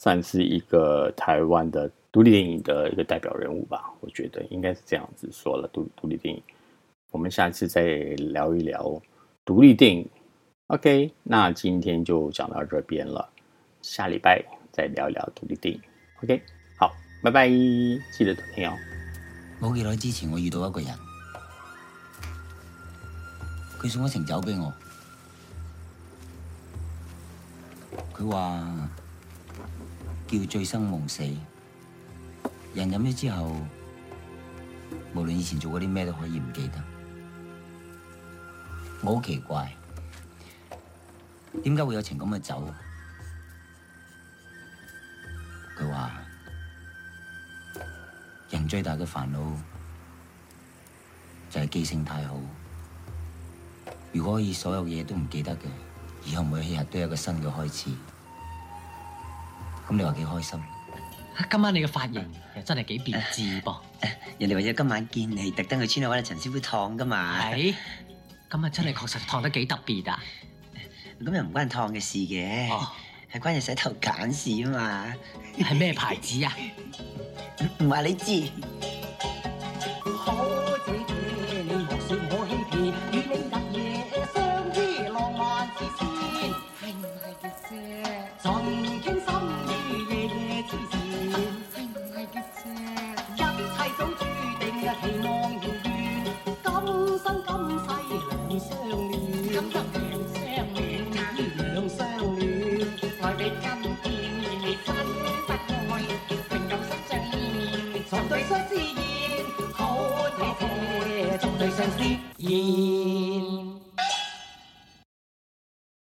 算是一個台灣的獨立電影的一個代表人物吧，我覺得應該是這樣子說了。獨獨立電影，我們下次再聊一聊獨立電影。OK，那今天就講到這邊了，下禮拜再聊一聊獨立電影。OK，好，拜拜，記得聽哦。冇幾耐之前，我遇到一個人，佢送咗成酒俾我，佢話。叫醉生夢死，人飲咗之後，無論以前做過啲咩都可以唔記得。我好奇怪，點解會有情咁嘅酒？佢話人最大嘅煩惱就係記性太好。如果可以所有嘢都唔記得嘅，以後每一日都有個新嘅開始。咁你話幾開心？今晚你嘅髮型又真係幾別致噃。人哋為咗今晚見你，特登去村度揾阿陳師傅燙噶嘛？係，咁啊真係確實燙得幾特別啊！咁又唔關燙嘅事嘅，係關你的、哦、關洗頭簡事啊嘛？係咩牌子啊？唔 話你知。